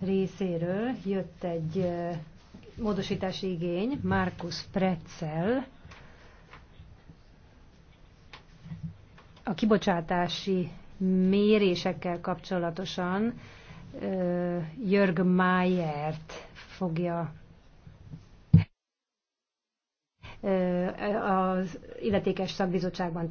részéről jött egy módosítási igény, Markus Pretzel, a kibocsátási mérésekkel kapcsolatosan Jörg Mayert fogja az illetékes szakbizottságban